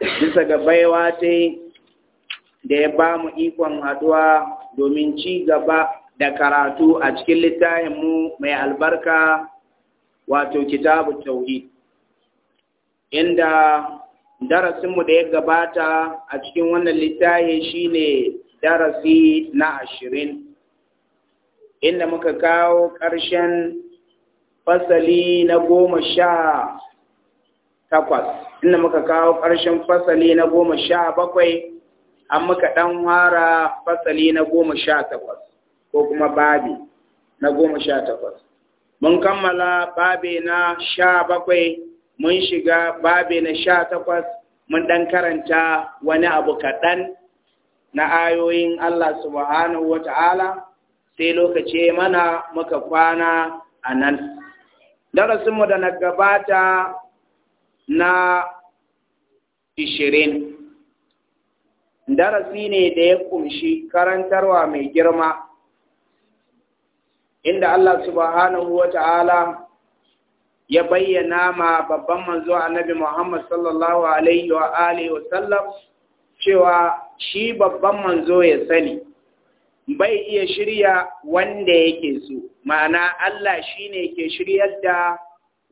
bisa ga baiwa ta da ya ba mu ikon haɗuwa domin ci gaba da karatu a cikin littafinmu mai albarka wato kitabu tauri inda darasinmu da ya gabata a cikin wannan shi shine darasi na ashirin inda muka kawo ƙarshen fasali na goma sha takwas inda muka kawo ƙarshen fasali na goma sha bakwai an muka ɗan fara fasali na goma sha takwas ko kuma babi na goma sha takwas mun kammala babi na sha bakwai mun shiga babi na sha takwas mun ɗan karanta wani abu kaɗan na ayoyin Allah subhanahu wa ta'ala sai lokaci mana muka kwana a nan darasinmu da na gabata na ishirin darasi ne da ya ƙunshi karantarwa mai girma inda Allah subhanahu wa ta'ala ya bayyana ma babban manzo annabi Muhammad sallallahu alaihi wa alihi wasallam cewa shi babban manzo ya sani bai iya shirya wanda yake so ma'ana Allah shine ke shiryar da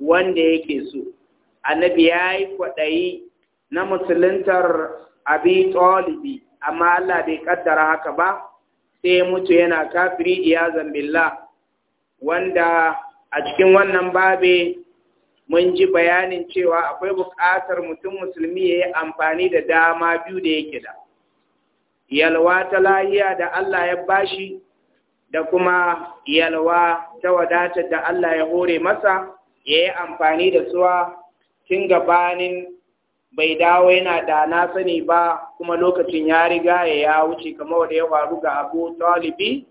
wanda yake so annabi ya yi kwaɗayi na musuluntar abi tsolibi amma Allah bai kaddara haka ba sai mutu yana kafiri iya zambilla wanda a cikin wannan babe mun ji bayanin cewa akwai buƙatar mutum musulmi ya yi amfani da dama biyu da yake da yalwa ta lahiya da Allah ya bashi da kuma yalwa ta wadatar da Allah ya hore masa ya yi amfani da suwa tun gabanin bai dawo yana da na sani ba kuma lokacin ya riga ya wuce kamar wanda ya faru ga abu talibi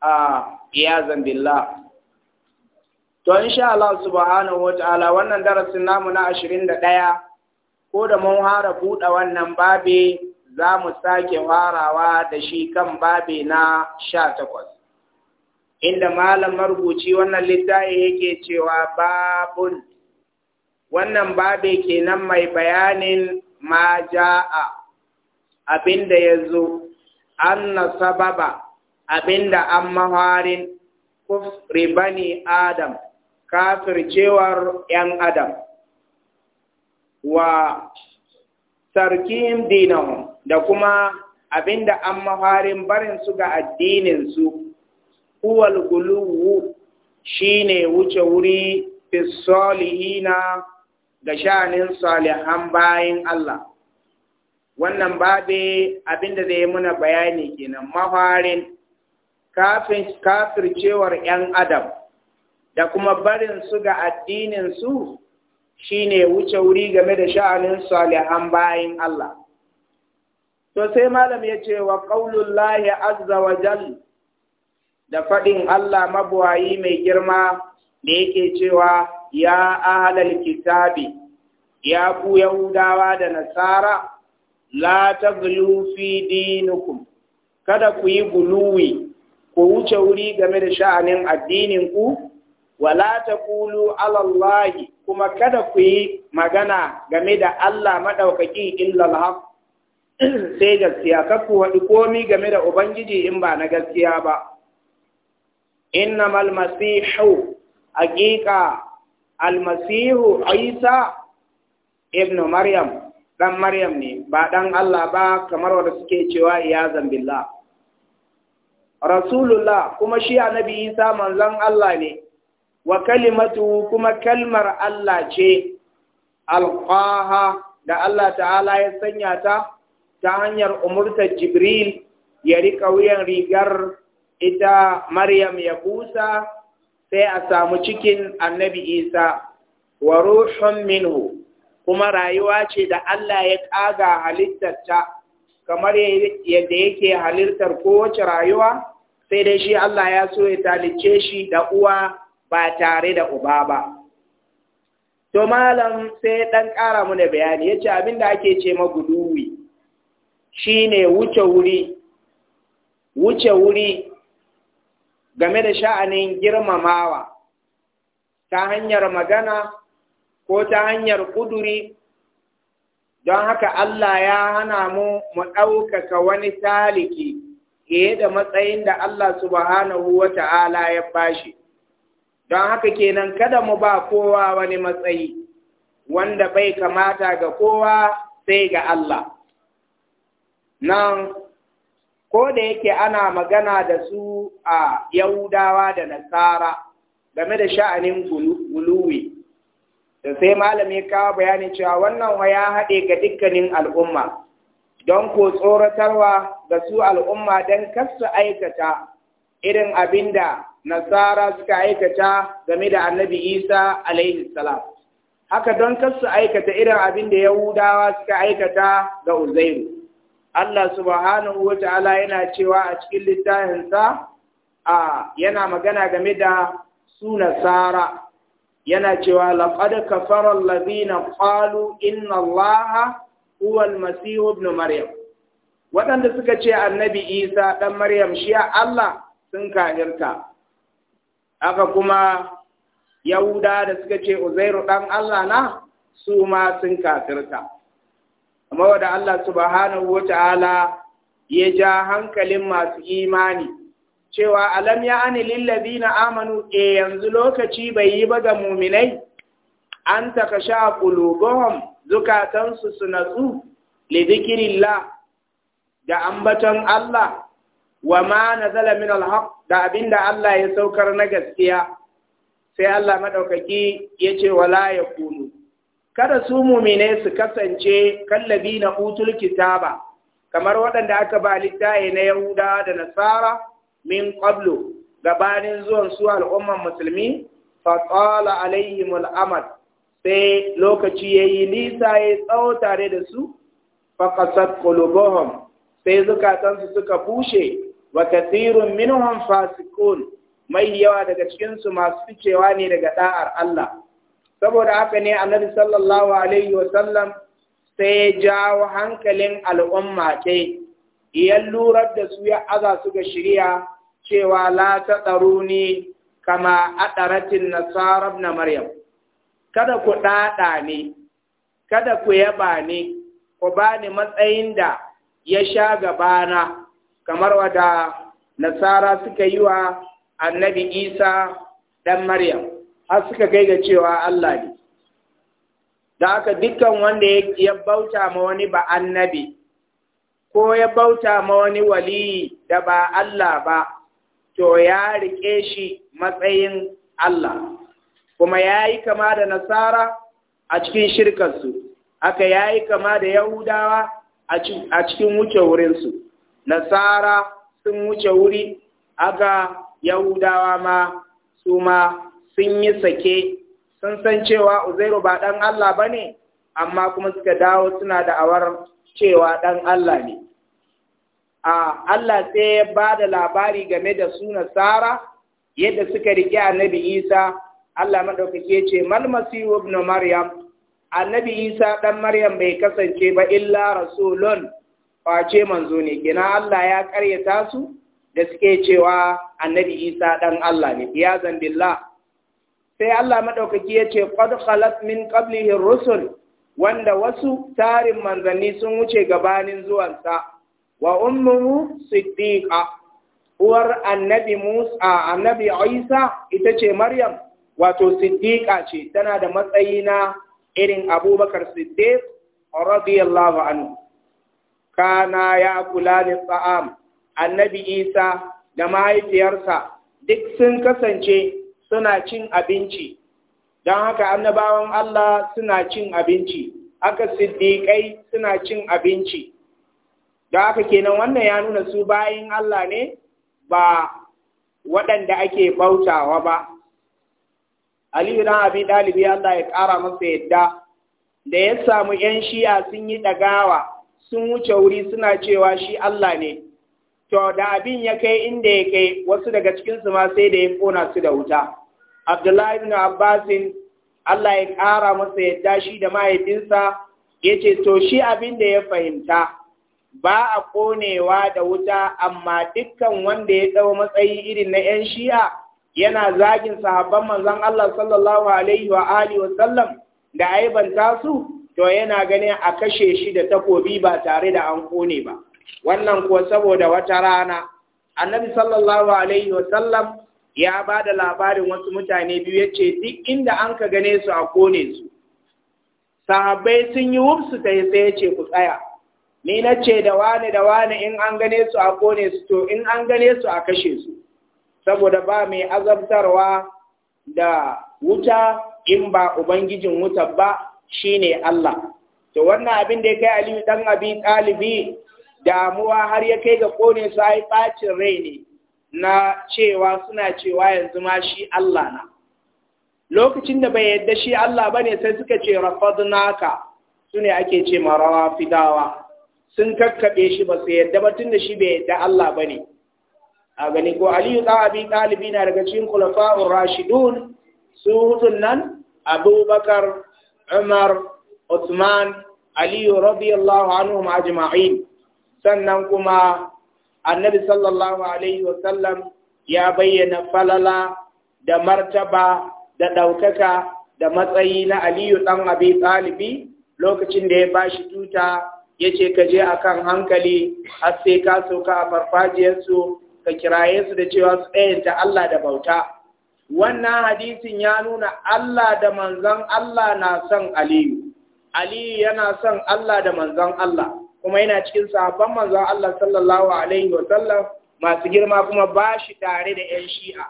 a iyazan billah to insha Allah subhanahu wataala wannan darasin namu na 21 ko da mun hara buɗe wannan babe za mu sake farawa da shi kan babe na sha 18 inda malam marubuci wannan littafi yake cewa babun wannan babe kenan mai bayanin ma ja'a abinda ya zo anna sababa abinda an maharin kufri bani adam kafircewar ‘yan adam wa sarkin dinahun da kuma abinda an maharin barinsu ga addininsu huwal guluwu shine wuce wuri fi solihina ga sha'anin salihan bayin Allah wannan babe abinda zai muna bayani kenan mafarin kafin cewar 'yan adam da kuma barin su ga addininsu, shi ne wuce wuri game da sha'anin salihan bayin Allah to sai malam ya ce wa Lahi azza wa jalli da faɗin Allah mabuwayi mai girma da yake cewa ya ahlal kitabi ya ku yahudawa da nasara la taghlu fi dinukum kada ku yi guluwi ku wuce wuri game da sha'anin addininku. wala ta Kulu alallahi kuma kada ku yi magana game da Allah maɗaukaki illa alhaq sai gaskiya kakku waɗi komi game da Ubangiji in ba na gaskiya ba. Innamal masihu haƙiƙa almasihu isa ibn maryam ɗan maryam ne ba ɗan allah ba kamar wanda suke cewa iyazan billah rasulullah kuma shi annabi isa manzon allah ne wa kalimatu kuma kalmar allah ce alƙaha da allah ta'ala ya sanya ta ta hanyar umurtar jibril ya riƙa wuyan rigar ita maryam ya kusa sai a samu cikin annabi isa wa ruhun minhu kuma rayuwa ce da Allah ya ƙaga halittarta kamar yadda yake halittar kowace rayuwa sai dai shi Allah ya so ya talice shi da uwa ba tare da uba ba. To malam sai ɗan ƙara mu bayani ya ce abin da ake ce maguduwi shi ne wuce wuri, wuce wuri game da sha'anin girmamawa ta hanyar magana ko ta hanyar kuduri don haka Allah ya hana mu mu ɗaukaka wani taliki fiye da matsayin da Allah subhanahu wa ta'ala ya bashi. Don haka kenan kada mu ba kowa wani matsayi wanda bai kamata ga kowa sai ga Allah. Nan ko da yake ana magana da su a Yahudawa da Nasara game da sha'anin guluwi, da sai malam ya kawo bayanin cewa wannan ya haɗe ga dukkanin al'umma, don ko tsoratarwa ga su al'umma don kasu aikata irin abin Nasara suka aikata game da annabi Isa alaihi salam. Haka don kasu aikata irin abinda Yahudawa suka aikata ga Uzairu. Allah subhanahu wa ta'ala yana cewa a cikin littafinsa a yana magana game da su Sara, yana cewa laqad kafarar lazina qalu inna allaha huwa almasih ibn maryam waɗanda suka ce annabi isa ɗan maryam shi Allah sun kafirta haka kuma yahuda da suka ce uzairu ɗan Allah na su ma sun kafirta Amma wadda Allah subhanahu Ta'ala ya ja hankalin masu imani cewa alam ya ani na amanu e yanzu lokaci bai yi ba ga muminai an taka sha qulubuhum zukatansu su natsu li da da ambaton Allah wa ma nazala min alhaq da abinda Allah ya saukar na gaskiya sai Allah madaukaki yace wala yakunu kada su mumine su kasance kallabi na utul kitaba kamar waɗanda aka ba littaye na yahuda da nasara min qablu gabanin zuwan su al'umman musulmi fa qala alaihim al'amad sai lokaci yayi nisa ya tsawo tare da su fa qasat qulubuhum sai zukatansu suka bushe wa kathirun minhum fasikun mai yawa daga cikin su masu ficewa ne daga da'ar Allah saboda haka ne annabi sallallahu alaihi wasallam sai ya jawo hankalin al'umma ke ya lura da su ya aza su ga shirya cewa la ta tsaro ne kama adaratin nasara na maryam kada ku ɗaɗa ne kada ku yaba ne ku ba ni matsayin da ya sha gabana kamar wada nasara suka yi wa annabi isa ɗan maryam har suka kai ga cewa Allah ne da aka dukkan wanda ya bauta ma wani ba annabi ko ya bauta ma wani waliyi da ba Allah ba to ya riƙe shi matsayin Allah kuma ya yi kama da nasara a cikin shirkarsu aka ya yi kama da yahudawa a cikin wuce wurinsu nasara sun wuce wuri aka yahudawa ma su ma sun yi sake sun san cewa uzairu ba ɗan Allah ba ne amma kuma suka dawo suna da awar cewa ɗan Allah ne a Allah sai ya ba da labari game da suna Sara yadda suka riƙe annabi isa Allah maɗaukaki ce malmasi masihu ibn maryam annabi isa ɗan maryam bai kasance ba illa rasulun face manzo ne gina Allah ya karyata su da suke cewa annabi isa ɗan Allah ne ya zambilla sai Allah maɗaukaki ya ce qad khalat min ƙablihin rusul wanda wasu tarin manzanni sun wuce gabanin zuwansa wa ummuhu siddiqa uwar annabi Musa annabi Isa ita ce Maryam wato siddiqa ce tana da matsayi na irin Abubakar Siddiq radiyallahu anhu kana ya kula da tsa'am annabi Isa da mahaifiyarsa duk sun kasance suna cin abinci don haka annabawan Allah suna cin abinci aka siddiƙai suna cin abinci Da haka kenan wannan ya nuna su bayan Allah ne ba waɗanda ake bautawa ba Aliyu ɗan abin ɗalibi Allah ya ƙara masa yadda da ya samu ‘yan shiya sun yi ɗagawa sun wuce wuri suna cewa shi Allah ne, to da abin ya kai inda ya kai wasu daga cikinsu ma sai da ya ƙona su da wuta. Abdullahi ibn Abbasin Allah ya ƙara masa yadda shi da mahaifinsa ya ce, To, shi abin da ya fahimta, ba a ƙonewa da wuta, amma dukkan wanda ya ɗau matsayi irin na ‘yan shi'a yana zagin sahabban manzan Allah sallallahu Alaihi wa Alihi wa sallam da aibanta su, to yana ganin a kashe shi da takobi ba tare da an kone ba. Wannan kuwa saboda wata rana, annabi sallallahu Alaihi wa ya ba da labarin wasu mutane biyu ya ce duk inda an ka gane su a kone su sahabbai sun yi wufsu ta yi sai ya ce ku tsaya ni na ce da wane da wane in an gane su a kone su to in an gane su a kashe su saboda ba mai azabtarwa da wuta in ba ubangijin wuta ba shine Allah to wannan abin da ya kai Aliyu dan Abi ɗalibi damuwa har ya kai ga kone su ai bacin rai ne na cewa suna cewa yanzu ma shi Allah na lokacin da bai yadda shi Allah ba ne sai suka ce rafadnaka su ne ake ce marawa fidawa sun kakkaɓe shi ba su yadda ba tun da shi bai yadda Allah ba ne a gani ko aliyu ɗa'abi ɗalibi na daga cikin kulafa'un rashidun su hutun nan abubakar umar usman aliyu radiyallahu anhu ajma'in sannan kuma annabi sallallahu alaihi wasallam ya bayyana falala da martaba da ɗaukaka da matsayi na aliyu ɗan abi ɗalibi lokacin da ya bashi tuta yace ce ka je a hankali har sai ka sauka a farfajiyarsu ka kiraye su da cewa su ɗayanta Allah da bauta wannan hadisin ya nuna Allah da manzon Allah na son aliyu aliyu yana son Allah da manzon Allah kuma yana cikin sabon manzo Allah sallallahu alaihi wa sallam masu girma kuma bashi tare da ƴan shi'a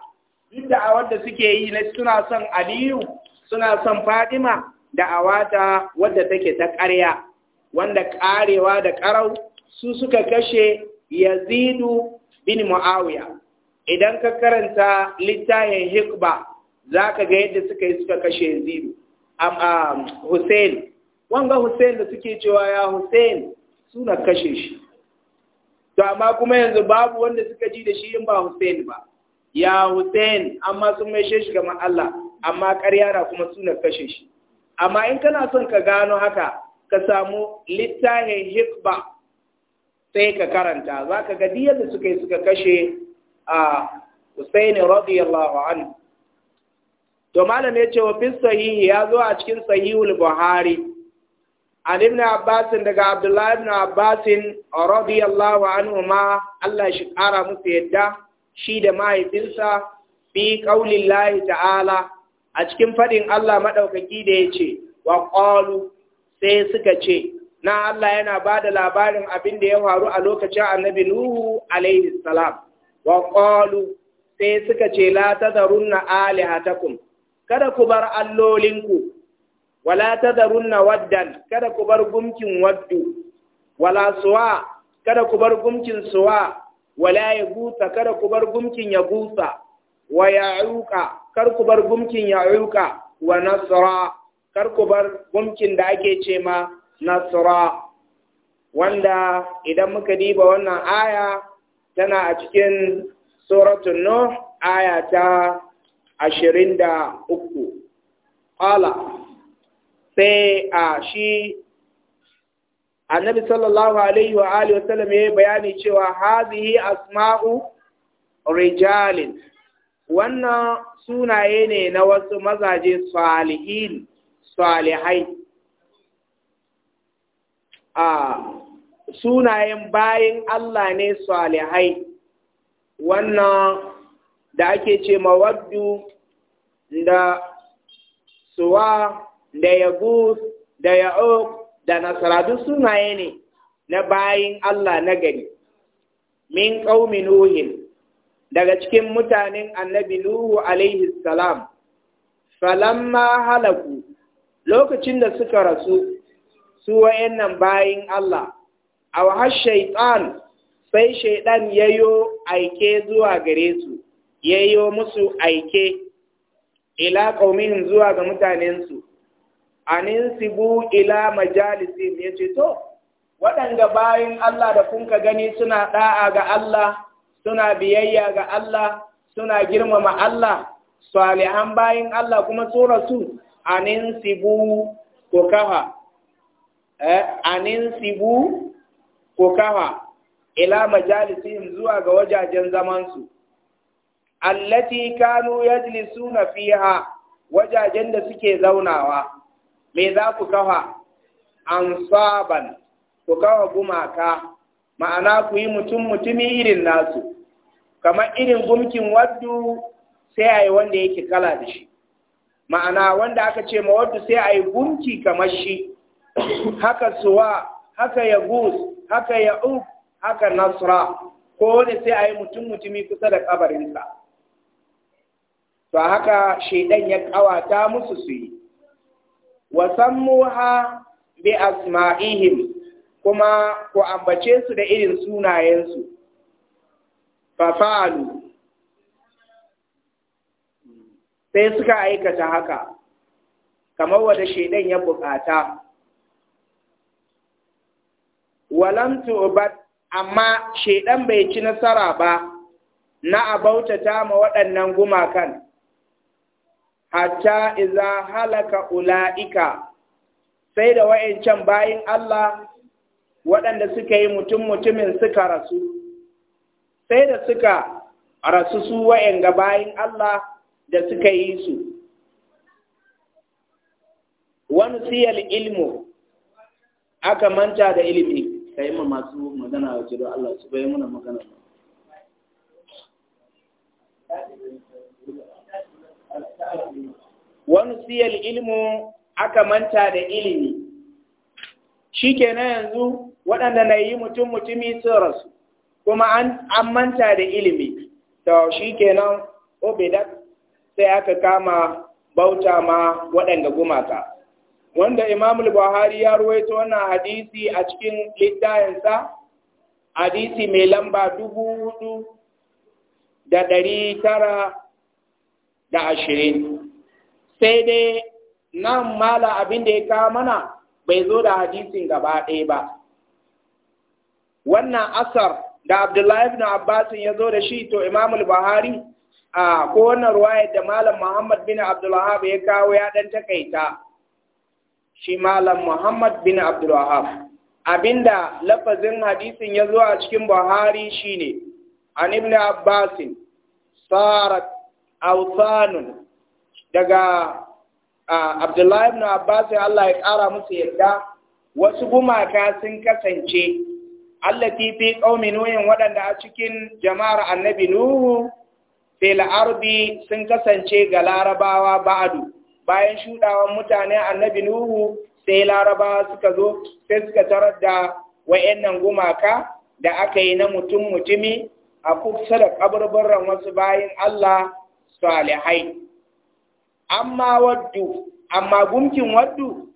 duk da suke yi na suna son Aliyu suna son Fatima da awata wadda take ta ƙarya wanda ƙarewa da ƙarau su suka kashe Yazidu bin Muawiya idan ka karanta littafin Hikba zaka ga yadda suka yi suka kashe Yazidu am Hussein wanga Hussein da suke cewa ya Hussein suna kashe shi to amma kuma yanzu babu wanda suka ji da shi in ba Hussein ba ya Hussein amma sun mai shi kamar Allah amma ƙarya na kuma suna kashe shi amma in kana son ka gano haka ka samu littafin hikba sai ka karanta za ka ga da suka yi suka kashe a Hussein radiyallahu anhu to malam ya ce wa fi sahihi ya zo a cikin sahihul Buhari an ibn daga Abdullah Abbasin, Abbas radiyallahu anhuma Allah shi kara musu yadda shi da mahaifinsa fi qaulillahi ta'ala a cikin fadin Allah madaukaki da yace wa qalu sai suka ce na Allah yana bada labarin abin da ya faru a lokacin Annabi Nuhu alaihi salam wa qalu sai suka ce la tadarunna alihatakum kada ku bar allolinku wala na waddan kada ku bar gumkin waddu wala suwa kada ku bar gumkin suwa wala gusa. kada ku bar gumkin yagusa wa ya'uqa kar ku bar gumkin ya'uqa wa nasra kar ku bar gumkin da ake ce ma nasra wanda idan muka diba wannan aya tana a cikin suratul nuh aya ta 23 qala sai a shi annabi sallallahu alaihi wa alihi wasallam ya bayani cewa hazihi asma'u rijalin wannan sunaye ne na wasu mazaje salihin salihai a sunayen bayin Allah ne salihai wannan da ake ce mawaddu da suwa da Yagus da Ya'uq da Nasara sunaye ne na bayin Allah na gari min qaumi Nuhin daga cikin mutanen Annabi Nuhu alaihi salam falamma halaku lokacin da suka rasu su wayannan bayin Allah aw shaytan sai shaydan yayo aike zuwa gare su yayo musu aike ila qaumin zuwa ga mutanen su. anin sibu ila majalisim ya ce to waɗanda bayan Allah da kun ka gani suna ɗa'a ga Allah suna biyayya ga Allah suna girmama Allah salihan bayan Allah kuma su rasu anin sibu ko kafa eh, anin sibu ko kafa ila majalisim zuwa ga wajajen zamansu allati kanu yajlisuna fiha wajajen da suke zaunawa me za ku kafa ansaban ku kawa gumaka ma'ana ku yi mutum mutumi irin nasu kamar irin gumkin waddu sai a yi wanda yake kala da shi ma'ana wanda aka ce ma waddu sai a yi gumki kamar shi haka suwa haka ya gus haka ya uk haka nasra ko wani sai a yi mutum mutumi kusa da kabarinsa to haka shaidan ya kawata musu su yi Wasan sammuha bi asma'ihim kuma ku ambace su da irin sunayensu fa fa'alu sai suka aikata haka kamar wanda shaidan ya bukata walam tu'bat amma shaidan bai ci nasara ba na ta ma waɗannan gumakan hatta iza halaka ula'ika sai da wa'incan bayin Allah waɗanda suka yi mutum mutumin suka rasu sai da suka rasu su wa’yan ga bayin Allah da suka yi su wani siyar ilmu aka manta da ilimi ka yi ma masu magana wace don Allah su bayan muna magana wani siyar ilmu aka manta da ilimi shi ke na yanzu waɗanda na yi mutum mutumi sun rasu kuma an manta da ilimi Ta shi ke kenan obidak sai aka kama bauta ma waɗanda gumata. wanda imamul buhari ya ruwaito wannan hadisi a cikin littayensa hadisi mai lamba dubu hudu da ɗari tara da ashirin sai dai nan mala abin da ya kawo mana bai zo da hadisin gaba ɗaya ba wannan asar da abdullahi ibn abbasin ya zo da shi to imam al-bahari a ko wannan ruwayar da malam muhammad bin Abdullahi ya kawo ya dan takaita shi malam muhammad bin Abdullahi? abinda lafazin hadisin ya zo a cikin buhari shine an ibn abbasin sarat awsanun daga Abdullahi ibn Abbas Allah ya kara musu yarda. wasu gumaka sun kasance allati fi qaumi nuhin waɗanda a cikin jama'ar annabi nuhu fil ardi sun kasance ga larabawa ba'adu bayan shudawan mutane annabi nuhu sai larabawa suka zo sai suka tarar da wayannan gumaka da aka yi na mutum mutumi a kusa da kaburburan wasu bayin Allah salihai amma waddu amma gumkin waddu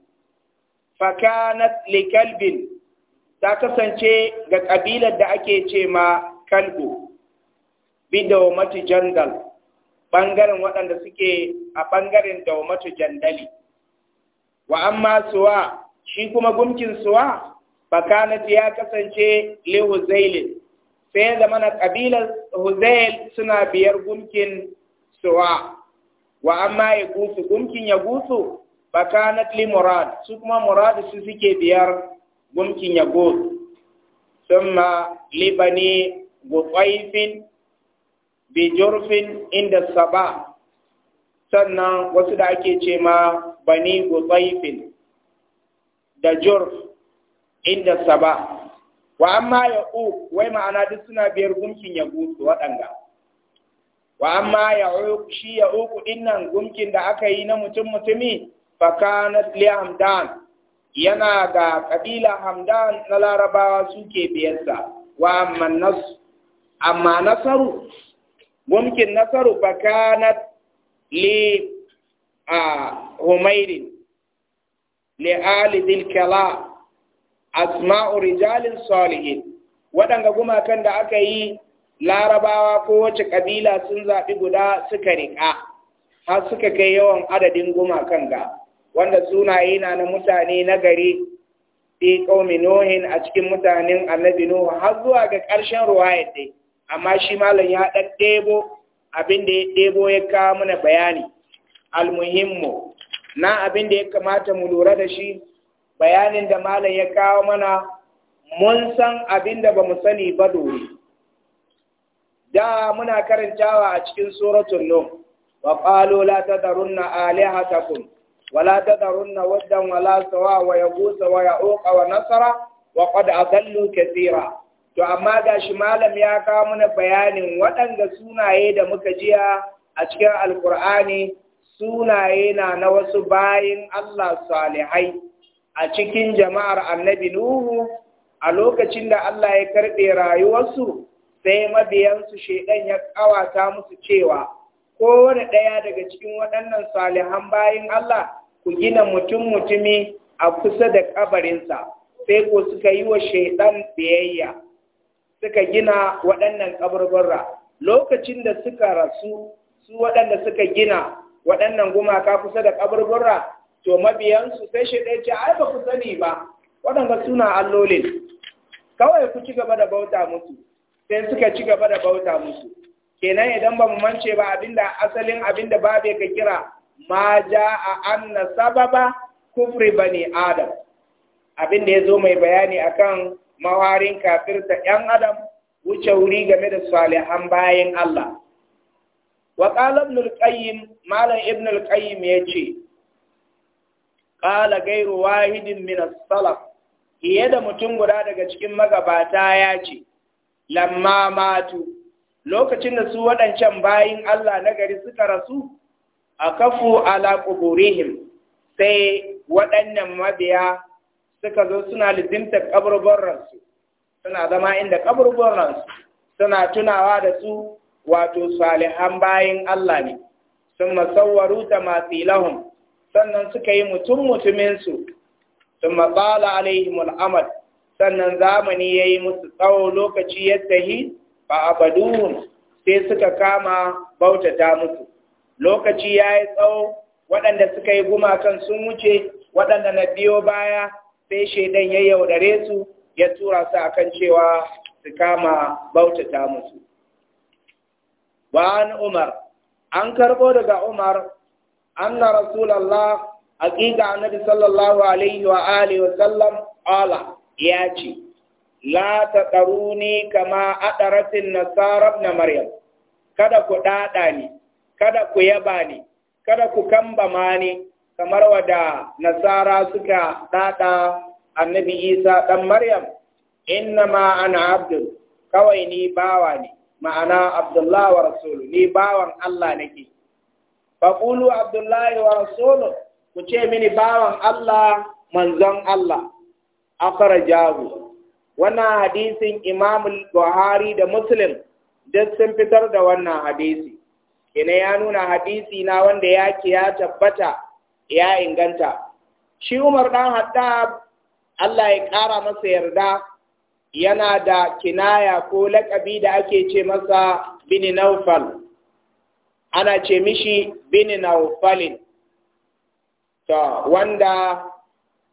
fakanat li ta kasance ga ƙabilar da ake ce ma kalbu bidawmatu jandal bangaren waɗanda suke a bangaren dawmatu jandali wa amma suwa shi kuma gumkin suwa fakanat ya kasance li huzailin sai zamana ƙabilar huzail suna biyar gumkin suwa wa amma ya gusu gumkin ya gusu bakanat li murad su kuma murad su suke biyar gumkin ya gusu thumma li bani gutaifin bi jurfin inda saba sannan wasu da ake ce ma bani gutaifin da jurf inda saba wa amma ya wai ma'ana duk suna biyar gumkin ya gusu waɗanda? wa amma ya shi ya uku dinnan gumkin da aka yi na mutum mutumi fa kanat li hamdan yana ga kabila hamdan na larabawa suke biyarsa wa amma nas amma nasaru gumkin nasaru fa kanat li a humairin li ali dil kala asma'u rijalin salihin waɗanga gumakan da aka yi larabawa ko wace kabila sun zaɓi guda suka riƙa har suka kai yawan adadin gumakan ga wanda sunaye na na mutane na gari fi ƙaumi nohin a cikin mutanen annabi nuhu har zuwa ga ƙarshen ruwa dai amma shi malam ya ɗan ɗebo abin da ya ɗebo ya kawo mana bayani almuhimmu na abin da ya kamata mu lura da shi bayanin da malam ya kawo mana mun san abin da ba mu sani ba dole. da muna karantawa a cikin suratul nuh wa qalu la tadarunna alihatakum wa la tadarunna waddan wa la sawa wa yaghus wa ya'uq wa nasara wa qad adallu kathira to amma gashi malam ya kawo mana bayanin waɗanda sunaye da muka jiya a cikin alqur'ani sunaye na na wasu bayin Allah salihai a cikin jama'ar annabi nuhu a lokacin da Allah ya karɓe rayuwarsu sai mabiyansu shaidan ya kawata musu cewa kowane ɗaya daga cikin waɗannan salihan bayin Allah ku gina mutum mutumi a kusa da kabarinsa sai ko suka yi wa shaidan biyayya suka gina waɗannan kabarbarra lokacin da suka rasu su waɗanda suka gina waɗannan gumaka kusa da kabarbarra to mabiyansu sai shaidan ce ai ba ku sani ba waɗanda suna allolin kawai ku ci gaba da bauta musu sai suka ci gaba da bauta musu kenan idan ba mu mance ba abinda asalin abinda babe ka kira ma a anna sababa kufri bani adam abinda ya zo mai bayani akan mawarin kafirta yan adam wuce wuri game da salihan bayan Allah wa qala ibn al-qayyim malam ibn al-qayyim yace qala ghayru wahidin min as-salaf da mutum guda daga cikin magabata ya ce lamma matu lokacin da su waɗancan bayin Allah na gari suka rasu a kafu ala quburihim sai waɗannan mabiya suka zo suna lizimtar kaburburansu suna zama inda kaburburansu suna tunawa da su wato salihan bayin Allah ne sun masauwaru ta masilahum sannan suka yi mutum mutuminsu sun matsala alaihimul al'amad sannan zamani ya yi musu tsawo lokaci ya tahi ba a abaduhum sai suka kama bautata musu lokaci ya yi tsawo waɗanda suka yi gumakan sun wuce waɗanda na biyo baya sai shaidan ya yaudare su ya tura su a kan cewa su kama bautata musu wa'an umar an karɓo daga umar an na rasulallah haƙiƙa annabi sallallahu alaihi wa alihi wa sallam Allah. ya ce la ta ne kama aɗaratin nasarar na maryam kada ku ɗaɗa ni kada ku yaba ni kada ku ma ni kamar wada nasara suka ɗaɗa annabi isa ɗan maryam inna ma ana abdul kawai ni bawa ne ma'ana abdullahi wa rasulu ni bawan allah nake faƙulu abdullahi wa rasulu ku ce mini bawan allah manzon allah akhrajahu wannan hadisin Imam Buhari da Muslim duk sun fitar da wannan hadisi Ina ya nuna hadisi na wanda yake ya tabbata ya inganta shi Umar dan hatta Allah ya ƙara masa yarda yana da kinaya ko laƙabi da ake ce masa bin naufal ana ce mishi bin naufalin ta wanda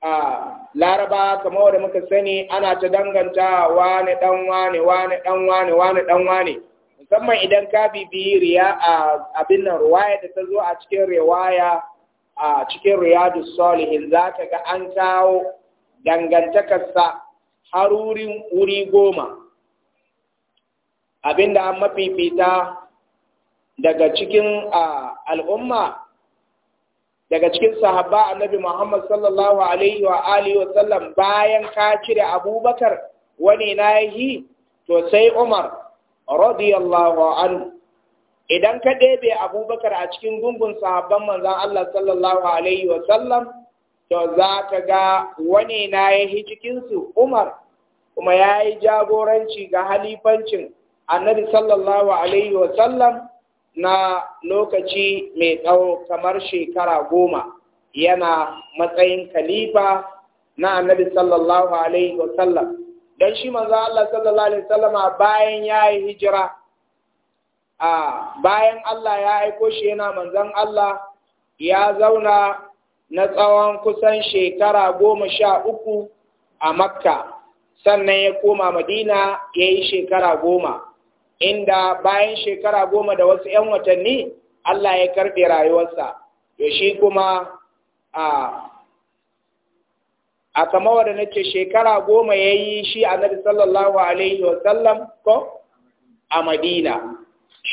a laraba kamar da muka sani ana ta danganta wane dan wane wane dan wane wane dan wane musamman idan ka bibi riya a abin nan ruwaya da ta zo a cikin riwaya a cikin riyadu salihin za ka ga an kawo dangantakarsa har wurin wuri goma abinda an mafifita daga cikin al'umma daga cikin sahabba annabi Muhammad sallallahu alaihi wa alihi wa sallam bayan ka cire Abubakar wani nahi to sai Umar radiyallahu anhu idan ka ɗebe Abubakar a cikin gungun sahabban manzon Allah sallallahu alaihi wa sallam to za ka ga wani nahi cikin su Umar kuma yayi jagoranci ga halifancin annabi sallallahu alaihi wa sallam na lokaci mai tsawo kamar shekara goma yana matsayin khalifa na annabi sallallahu alaihi wasallam don shi manzo Allah sallallahu alaihi wasallama bayan ya yi hijira a bayan Allah ya aiko shi yana manzon Allah ya zauna na tsawon kusan shekara goma sha uku a makka sannan ya koma madina ya yi shekara goma inda bayan shekara goma da wasu ‘yan watanni Allah ya karɓe rayuwarsa, to shi kuma a a kama wadda nace shekara goma ya yi shi a nadi sallallahu alaihi wasallam ko a madina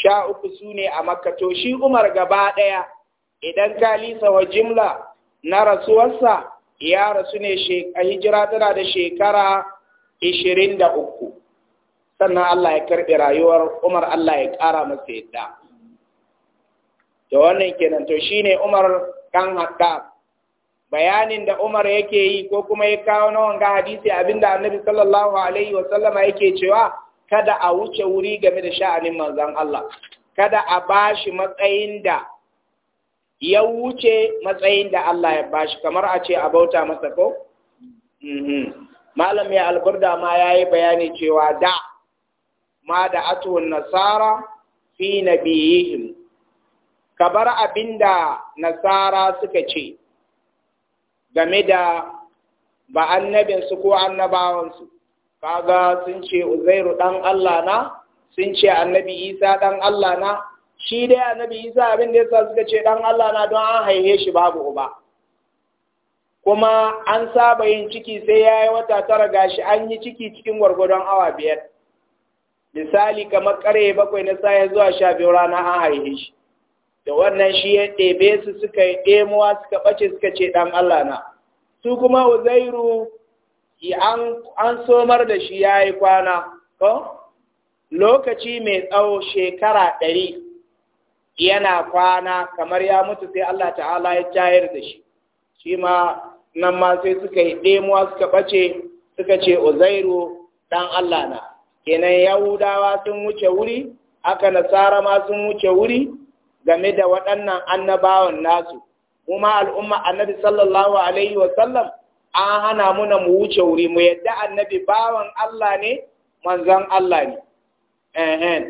sha uku su ne a makka to shi umar gaba ɗaya idan ka lisa wa jimla na rasuwarsa ya rasu ne a hijira tana da shekara ishirin uku sannan Allah ya karɓe rayuwar Umar Allah ya ƙara masa yadda. Da wannan kenan to shi ne Umar kan hatta bayanin da Umar yake yi ko kuma ya kawo na wanga hadisi abinda annabi sallallahu alaihi wa sallama yake cewa kada a wuce wuri game da sha'anin manzon Allah. Kada a bashi matsayin da ya wuce matsayin da Allah ya bashi kamar a ce a bauta masa ko? Mhm. Malami ya ma ya yi bayani cewa da ma da atun nasara fi nabiyihim ka bar abinda nasara suka ce game da ba annabinsu ko annabawansu kaga sun ce uzairu dan Allah na sun ce annabi isa dan Allah na shi dai annabi isa abin da yasa suka ce dan Allah na don an haihe shi babu uba kuma an saba yin ciki sai ya yi wata tara gashi an yi ciki cikin gwargwadon awa biyar misali kamar kare bakwai na safe zuwa sha biyu rana an haihe shi da wannan shi ya ɗebe su suka yi ɗemuwa suka ɓace suka ce ɗan Allah na su kuma uzairu an somar da shi ya yi kwana ko lokaci mai tsawo shekara ɗari yana kwana kamar ya mutu sai Allah ta'ala ya tayar da shi shi ma nan ma sai suka yi ɗemuwa suka ɓace suka ce uzairu ɗan Allah na kenan yahudawa sun wuce wuri aka nasara ma sun wuce wuri game da waɗannan annabawan nasu Muma al'umma annabi sallallahu alaihi wa sallam an hana muna mu wuce wuri mu yadda annabi bawan Allah ne manzon Allah ne ehen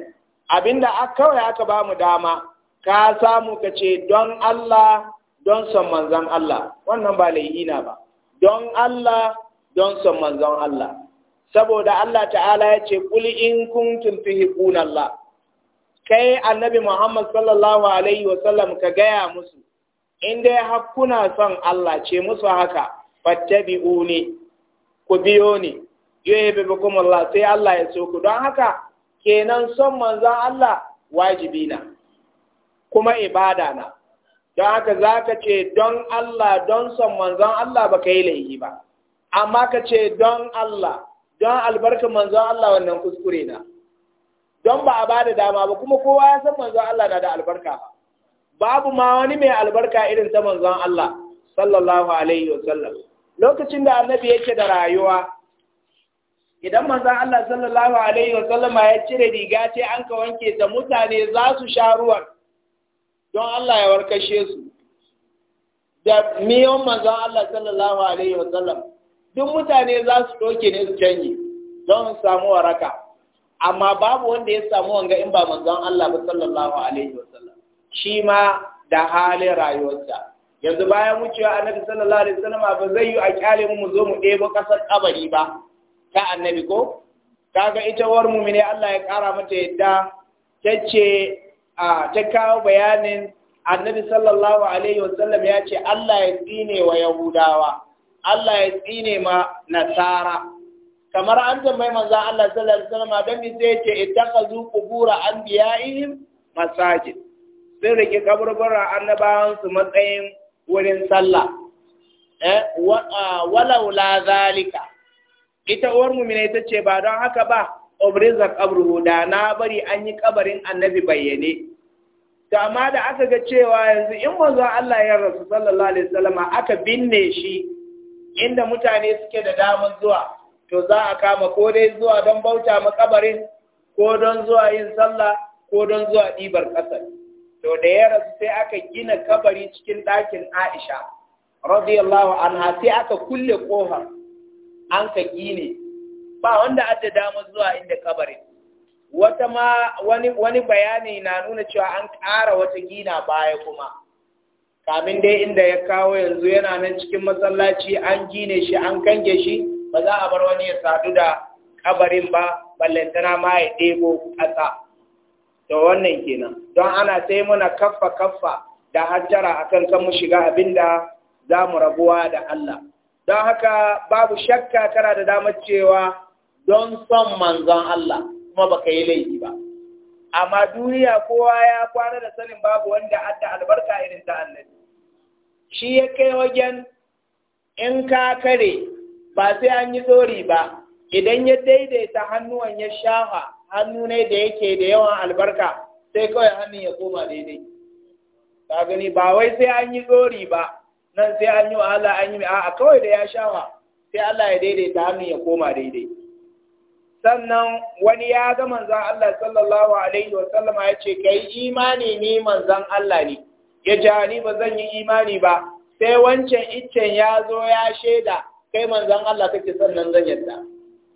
abinda aka kawai aka ba mu dama ka samu ka ce don Allah don son manzon Allah wannan ba laihi ina ba don Allah don son manzon Allah saboda Allah ta'ala ya ce kuli in kuntum tuhibbuna Allah kai annabi Muhammad sallallahu alaihi wa sallam ka gaya musu in dai har son Allah ce musu haka fattabi'uni ku biyo ni yuhibbukum Allah sai Allah ya so ku don haka kenan son manzon Allah wajibi na kuma ibada na don haka zaka ce don Allah don son manzon Allah baka yi laifi ba amma ka ce don Allah don albarkar manzon Allah wannan kuskure na don ba a ba da dama ba kuma kowa ya san manzon Allah na da albarka babu ma wani mai albarka irin ta manzon Allah sallallahu alaihi sallam lokacin da annabi yake da rayuwa idan manzon Allah sallallahu alaihi sallam ya cire riga ce an ka wanke ta mutane za su sha ruwan don Allah ya warkashe su da miyon manzon Allah sallallahu alaihi sallam duk mutane za su ɗauke ne su canji don samu waraka amma babu wanda ya samu wanga in ba manzon Allah ba sallallahu alaihi sallam shi ma da halin rayuwarsa yanzu bayan wucewa annabi sallallahu alaihi wa sallam ba zai yi a kyale mu zo mu ɗebo ƙasar kabari ba ta annabi ko kaga ita war mumine Allah ya ƙara mata yadda ta ce a ta kawo bayanin annabi sallallahu alaihi wa sallam ya ce Allah ya tsine wa yahudawa Allah ya tsine ma nasara kamar an tambayi manzo Allah sallallahu alaihi wasallam dan me sai yace ittakazu qubura anbiya'ihim masajid sai rike kaburbura annabawan su matsayin wurin sallah eh walau la zalika ita uwar mu'mina ita ce ba don haka ba ubriza qabruhu da na bari an yi kabarin annabi bayyane to amma da aka ga cewa yanzu in manzo Allah ya rasu sallallahu alaihi wasallam aka binne shi inda mutane suke da damar zuwa to za a kama ko dai zuwa don bauta makabarin ko don zuwa yin sallah ko don zuwa ɗibar ƙasar to da ya rasu sai aka gina kabari cikin ɗakin aisha radiyallahu anha sai aka kulle ƙofar an ka gine ba wanda adda damar zuwa inda kabarin wani bayani na nuna cewa an ƙara wata gina baya kuma kamin dai inda ya kawo yanzu yana nan cikin masallaci an gine shi an kange shi ba za a bar wani ya sadu da kabarin ba ballantana ma ya ɗebo ƙasa da wannan kenan don ana sai muna kaffa kaffa da hajjara akan kan mu shiga abinda za mu rabuwa da Allah don haka babu shakka tara da damar cewa don son manzon Allah kuma baka yi laifi ba amma duniya kowa ya kwana da sanin babu wanda adda albarka irin ta annabi shi ya kai wajen in ka kare ba sai an yi tsori ba idan ya daidaita hannuwan ya shafa hannu ne da yake da yawan albarka sai kawai hannu ya koma daidai ta gani ba wai sai an yi tsori ba nan sai an yi wa Allah an yi a'a kawai da ya shafa sai Allah ya daidaita hannu ya koma daidai sannan wani ya ga manzan Allah sallallahu alaihi wa sallama ya ce kai imani ni manzan Allah ne ya ce ba zan yi imani ba sai wancan iccen ya zo ya shaida kai manzan Allah kake sannan zan yadda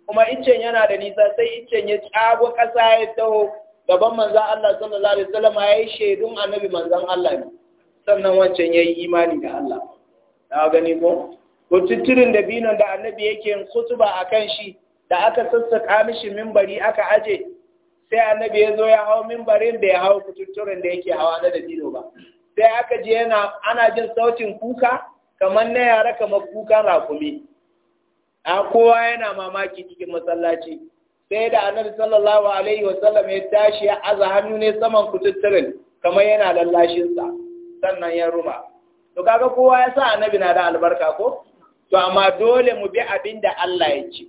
kuma iccen yana da nisa sai iccen ya tsago ƙasa ya taho gaban manzan Allah sallallahu alaihi wasallam ya yi shaidun annabi manzan Allah ne sannan wancan ya yi imani da Allah na gani ko ko tittirin da binon da annabi yake yin kutuba a kan shi da aka sassaka mishi mimbari aka aje sai annabi ya zo ya hau mimbarin da ya hau kututturin da yake hawa na da dino ba sai aka je yana ana jin sautin kuka kamar na yara kamar kukan rakumi a kowa yana mamaki cikin masallaci sai da annabi sallallahu alaihi wa sallam ya tashi ya aza hannu ne saman kututturin kamar yana lallashin sa sannan ya ruma to kaga kowa ya sa annabi na da albarka ko to amma dole mu bi abin da Allah ya ce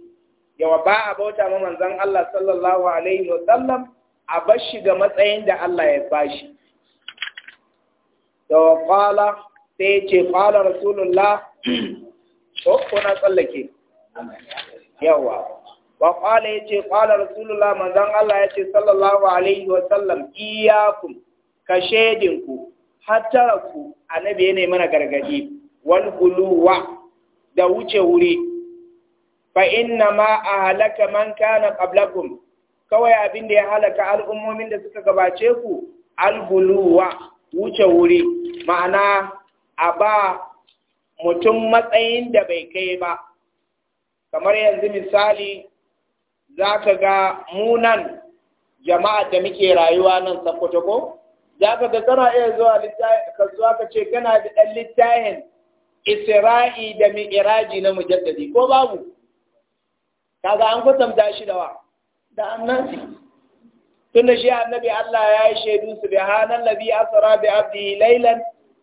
yawa ba a bauta ma manzon Allah sallallahu alaihi wa sallam a bar shi ga matsayin da Allah ya bashi da qala sai ce qala rasulullah ko kuna tsallake yawa wa qala yace qala rasulullah manzon Allah yace sallallahu alaihi wa sallam iyyakum kashedinku hattaraku annabi ne mana gargadi wal da wuce wuri fa inna a ahlaka man kana qablakum kawai abin da ya halaka al'ummomin da suka gabace ku al wuce wuri ma'ana a ba mutum matsayin da bai kai ba kamar yanzu misali za ka ga munan jama'a da muke rayuwa nan sakkwato ko za ka ga kana iya zuwa ka zuwa ka ce kana da ɗan littayin isra'i da mi'iraji na mujaddadi ko babu kaga an kwatanta shi da wa da tunda shi annabi Allah ya yi shaidu su bi hanan labi asara bi abdi lailan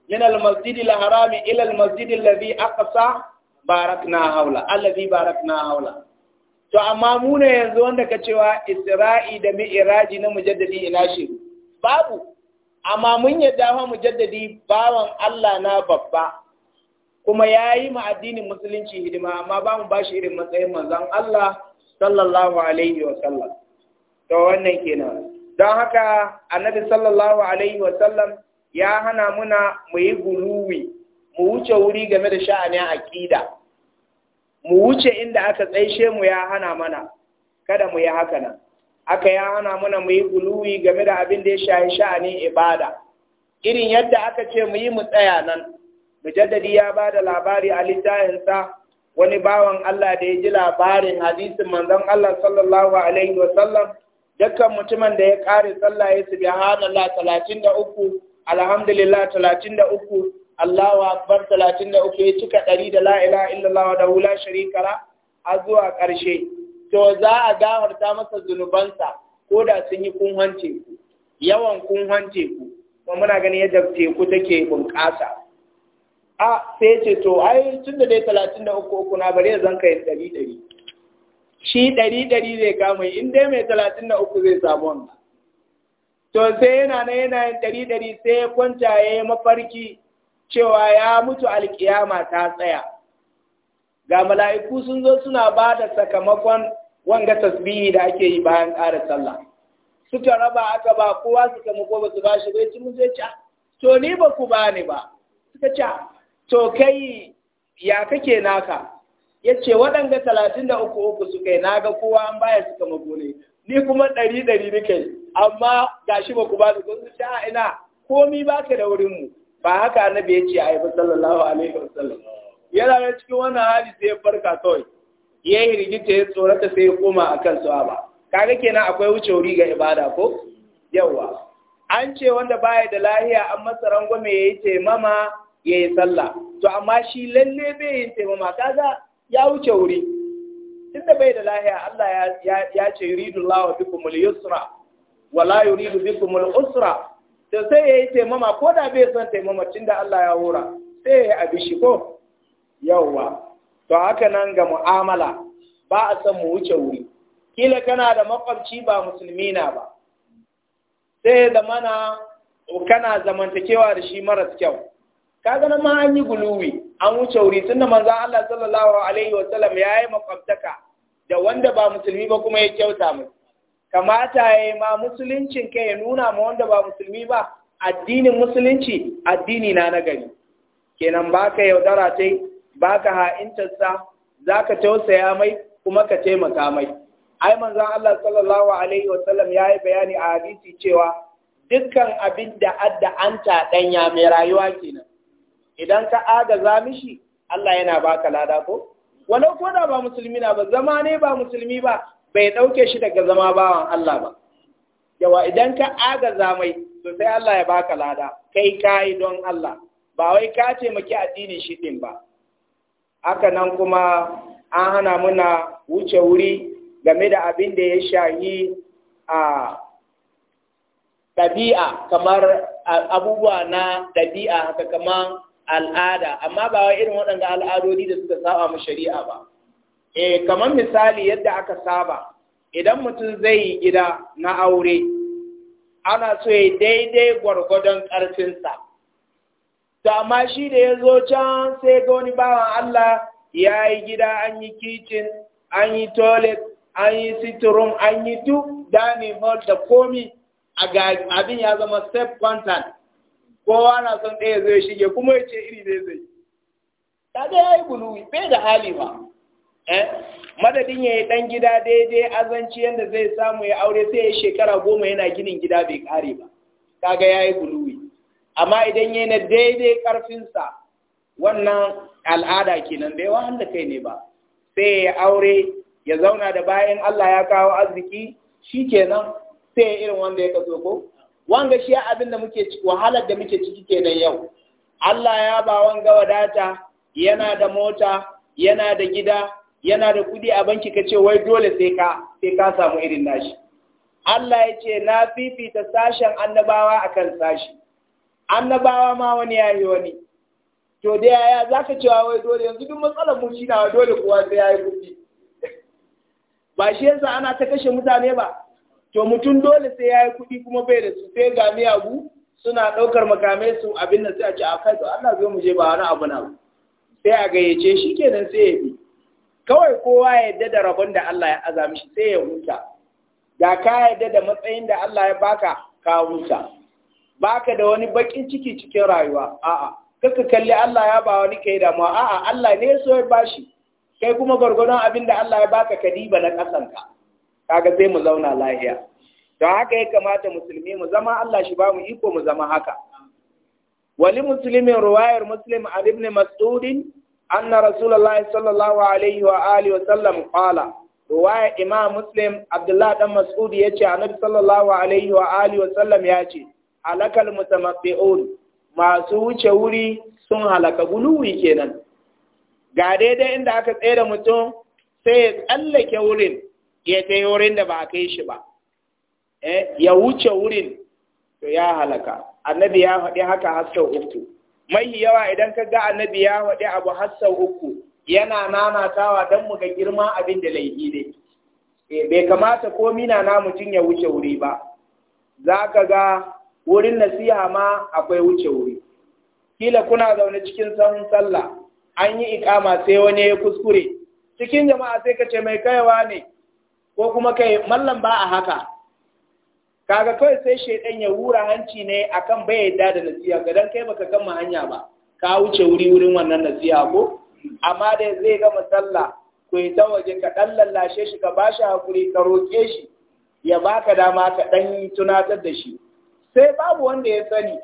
min al-masjid al-haram ila al-masjid alladhi aqsa barakna haula alladhi barakna haula to amma mu ne yanzu wanda ka cewa isra'i da mi'raji na mujaddadi ina shi babu amma mun yadda fa mujaddadi bawan Allah na babba kuma yayi mu addinin musulunci hidima amma ba mu bashi irin matsayin manzon Allah sallallahu alaihi wa sallam to wannan kenan don haka annabi sallallahu alaihi wasallam ya hana muna mu yi guluwi mu wuce wuri game da sha'anin aƙida mu wuce inda aka tsaishe mu ya hana mana kada mu yi haka nan aka ya hana muna mu yi guluwi game da abin da ya shahi sha'anin ibada irin yadda aka ce mu yi mu tsaya nan mujaddadi ya ba da labari a littafinsa wani bawan Allah da ya ji labarin hadisin manzon Allah sallallahu alaihi wasallam dukkan mutumin da ya ƙare sallah ya su bihanallah talatin da uku, alhamdulillah talatin da 33 Allahu akbar uku, ya cika ɗari da la'ila ilaha illallah da dahu la a zuwa ƙarshe to za a gafarta masa zunubansa ko da sun yi kunhan teku yawan kunhan teku kuma muna ganin yadda teku take bunƙasa a sai ce to ai tun da dai talatin da uku uku na bari ya zanka kai ɗari ɗari shi ɗari ɗari zai kama in dai mai talatin da uku zai samu wanda. to sai yana na yana yin ɗari ɗari sai ya kwanta ya yi mafarki cewa ya mutu alkiyama ta tsaya ga mala'iku sun zo suna ba da sakamakon wanga tasbihi da ake yi bayan ƙara sallah suka raba aka ba kowa suka mako ba su ba shi bai mun zai ca ah, to ni ba ku ba ni ba suka ca ah, to kai ya kake naka ya ce waɗanda talatin da uku uku suka yi na kowa an baya suka magone ni kuma ɗari ɗari nake amma ga shi ba ku ba su kun su ina komi ba ka da wurinmu ba haka annabi ya ce a yi sallallahu alaihi wasallam yana da cikin wannan hali sai ya farka kawai ya yi rigita ya tsorata sai ya koma a kan su'aba kaga kenan akwai wuce wuri ga ibada ko yawa an ce wanda baya da lahiya an masa rangwame ya yi taimama ya yi sallah to amma shi lalle bai yin taimama kaga ya wuce wuri tunda bai da lahiya Allah ya ce yuridu Allah bikumul yusra wala yuridu bikumul usra to sai yayi taimama ko da bai son taimama tunda Allah ya hura sai yayi abishi ko yawwa to haka nan ga mu'amala ba a san mu wuce wuri kila kana da makwabci ba musulmi na ba sai da mana kana zamantakewa da shi maras kyau kaga nan ma an yi guluwi an wuce wuri tun da manzan Allah sallallahu alaihi sallam ya yi makwabtaka da wanda ba musulmi ba kuma ya kyauta mu kamata ya ma musuluncin kai ya nuna ma wanda ba musulmi ba addinin musulunci addini na nagari kenan baka yaudara tai baka ha'intarsa zaka tausaya mai kuma ka taimaka mai ai manzon Allah sallallahu alaihi sallam ya yi bayani a hadisi cewa dukkan abin da adda anta danya mai rayuwa kenan idan ka agaza mishi Allah yana baka lada ko walau ko da ba musulmi na ba zama ne ba musulmi ba bai dauke shi daga zama bawan Allah ba yawa idan ka agaza mai to sai Allah ya baka lada kai kai don Allah ba wai ka ce miki addinin shi din ba haka nan kuma an hana muna wuce wuri game da abin da ya shahi a ɗabi'a kamar abubuwa na ɗabi'a haka kamar al'ada amma ba wai irin waɗanda al'adodi da suka saba mu shari'a ba eh kamar misali yadda aka saba idan mutum zai yi gida na aure ana so ya daidai gwargwadon ƙarfinsa to amma shi da ya zo can sai ga wani bawan Allah ya yi gida an yi kicin an yi toilet an yi sitirum an yi duk dining hall da komi abin ya zama step content kowa na son ɗaya zai shige kuma ya ce iri zai zai da ya yi guluwi bai da hali ba eh? madadin ya yi ɗan gida daidai azanci yadda zai samu ya aure sai ya shekara goma yana ginin gida bai kare ba kaga ya yi guluwi amma idan ya yi na daidai ƙarfinsa wannan al'ada kenan bai wahanda kai ne ba sai ya aure ya zauna da bayan Allah ya kawo arziki shi kenan sai irin wanda ya kaso ko wanga shi abin da muke wahalar da muke ciki kenan yau Allah ya ba wanga wadata yana da mota yana da gida yana da kudi a banki ka ce wai dole sai ka sai ka samu irin nashi Allah ya ce na fifita sashen annabawa akan sashi annabawa ma wani ya yi wani to da yaya zaka cewa wai dole yanzu duk matsalar mu shi na dole kuwa sai yayi kudi ba shi yasa ana ta kashe mutane ba to mutum dole sai ya yi kuɗi kuma bai da su sai ga miyagu suna ɗaukar makamai su abin da sai a ce a kai to Allah zai mu je ba wani abu na ba, sai a gayyace shi kenan sai ya bi kawai kowa ya yadda da rabon da Allah ya azami shi sai ya huta da ka yadda da matsayin da Allah ya baka ka huta baka da wani bakin ciki cikin rayuwa a'a kaka kalli Allah ya ba wani kai damuwa a'a Allah ne so ya bashi kai kuma gwargwadon abin da Allah ya baka kadiba na kasanka kaga sai mu zauna lahiya don haka ya kamata musulmi mu zama Allah shi ba mu iko mu zama haka wali musulmin ruwayar muslim an ibn mas'ud anna rasulullahi sallallahu alaihi wa alihi wa sallam qala ruwaya imam muslim abdullah dan mas'ud yace annabi sallallahu alaihi wa alihi wa sallam yace halakal mutamatti'un masu wuce wuri sun halaka guluwi kenan ga daidai inda aka tsere mutum sai ya tsallake wurin ya kai wurin da ba a kai shi ba eh, ya wuce wurin to ya halaka annabi ya haɗe haka hassau uku mai yawa idan ka ga annabi ya haɗe abu hassau uku yana nanatawa don mu ga girma abin da laifi ne eh, bai kamata ko mina na mutum ya wuce wuri ba za ka ga wurin nasiha ma akwai wuce wuri kila kuna zaune cikin sahun sallah an yi ikama sai wani ya kuskure cikin jama'a sai ka ce mai kaiwa ne ko kuma kai Mallam ba a haka kaga kawai sai shedan ya wura hanci ne akan bai yadda da nasiha ga dan kai baka gama hanya ba ka wuce wuri wurin wannan nasiha ko amma da zai gama sallah ku yi ta waje ka dan lallashe shi ka bashi hakuri ka roke shi ya baka dama ka dan tunatar da shi sai babu wanda ya sani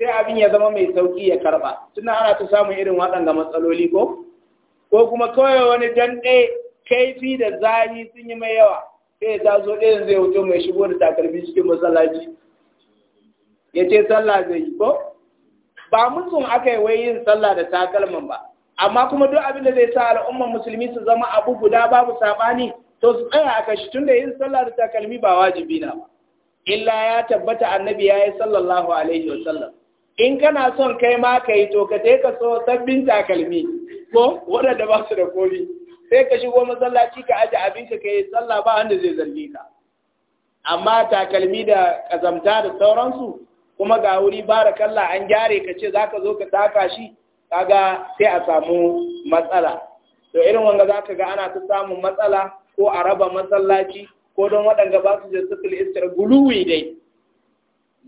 sai abin ya zama mai sauki ya karba tunda ana ta samun irin waɗanda matsaloli ko ko kuma kawai wani dan ɗaya kaifi da zani sun yi mai yawa sai ta zo ɗayan zai wuce mai shigo da takalmi cikin masallaci ya ce sallah zai yi ko ba mutum aka yi wai yin sallah da takalman ba amma kuma duk abin da zai sa al'ummar musulmi su zama abu guda babu saɓani to su tsaya a kashi tunda yin sallah da takalmi ba wajibi na ba illa ya tabbata annabi ya yi sallallahu alaihi wa sallam in kana son kai ma ka yi to ka je ka so sabbin takalmi ko waɗanda ba su da koli sai ka shigo masallaci ka aje abinka ka yi sallah ba wanda zai zalle ka amma takalmi da kazamta da sauransu kuma ga wuri bara kalla an gyare ka ce zaka zo ka taka shi kaga sai a samu matsala to irin wanga zaka ga ana ta samun matsala ko a raba masallaci ko don waɗanda ba su da sufil istar guluwi dai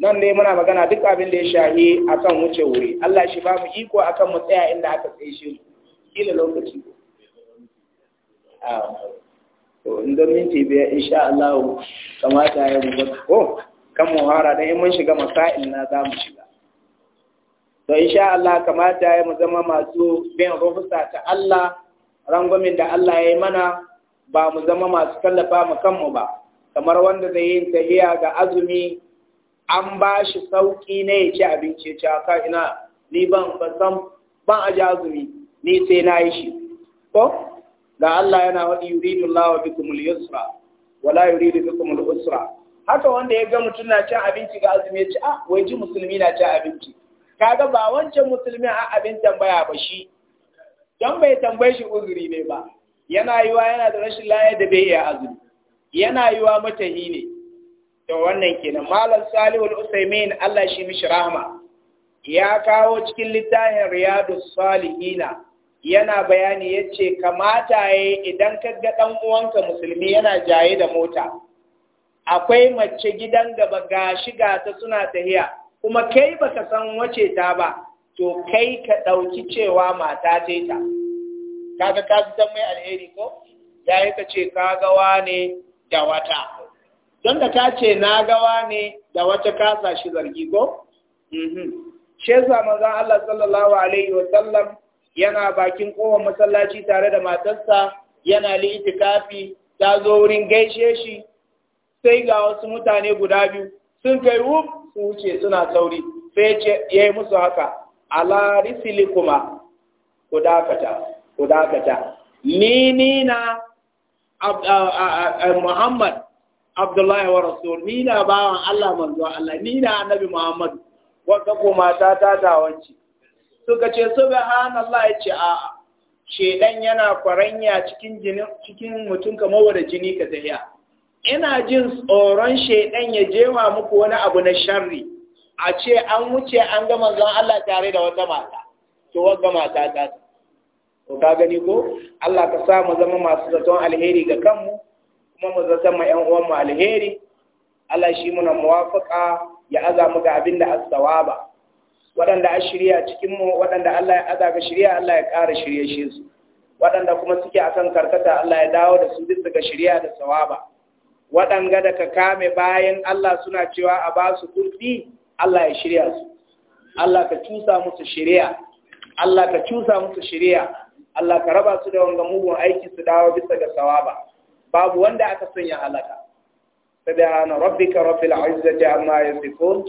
nan dai muna magana duk abin da ya shahi akan wuce wuri Allah shi ba mu iko akan mu tsaya inda aka tsaye shi kila lokaci to in don minti biyar insha Allah kamata ya rubuta ko kan muhara dan in mun shiga masail na za mu shiga to insha Allah kamata ya mu zama masu bin rufusa ta Allah rangwamin da Allah ya yi mana ba mu zama masu tallafa mu kanmu ba kamar wanda zai yi tafiya ga azumi an ba shi sauki ne ya ci abinci ya ci aka ina ni ban ban aji azumi ni sai na yi shi ko da Allah yana wani yuridu Allah bikumul yusra wala yuridu bikumul usra haka wanda ya ga mutum na cin abinci ga azumi ya ce ah wai ji musulmi na cin abinci kaga ba wancan musulmi a abin tambaya ba shi don bai tambaye shi uzuri ne ba yana yiwa yana da rashin lafiya da bai iya azumi yana yiwa matahi ne to wannan kenan malam salihu al-usaimin Allah shi mishi rahama ya kawo cikin littafin riyadus salihina yana bayani ya ce kamata ya idan idan ga ɗan uwanka musulmi yana jaye da mota akwai mace gidan gaba ga shiga ta suna tahiya kuma kai baka san wace ta ba to kai ka ɗauki cewa mata ta ta kaga ka san mai alheri ko ya yi ka ce ka gawa ne da wata don da ka ce na gawa ne da wata kasa shi zargi ko? Mhm. Shesa maza Allah sallallahu Alaihi wasallam yana bakin kowane masallaci tare da matarsa yana itikafi ta zo wurin gaishe shi sai ga wasu mutane guda biyu sun kai wuf su wuce suna sauri sai ya yi musu haka ala risili kuma ku dakata ku dakata ni ni na Muhammad Abdullahi wa Rasul ni na bawan Allah manzo Allah ni na annabi Muhammad wadda ko mata ta tawanci. suka ce subhanallah ya ce a shedan yana kwaranya cikin jinin cikin mutum kamar wanda jini ka tafiya. ina jin tsoron shedan ya jewa muku wani abu na sharri a ce an wuce an ga manzon Allah tare da wata mata to wata mata ta to ka gani ko Allah ka sa mu zama masu zaton alheri ga kanmu kuma mu zata ma ƴan uwan mu alheri Allah shi muna muwafaka ya azamu ga abin da as-sawaba waɗanda a shirya cikinmu waɗanda Allah ya aza ga shirya Allah ya ƙara shirye shi su waɗanda kuma suke a kan karkata Allah ya dawo da su bisa ga shirya da sawaba waɗanga da ka kame bayan Allah suna cewa a ba su kuɗi Allah ya shirya su Allah ka cusa musu shirya Allah ka cusa musu shirya Allah ka raba su da wanga mugun aiki su dawo bisa ga sawaba babu wanda aka sanya halaka subhana rabbika rabbil izzati amma yasifun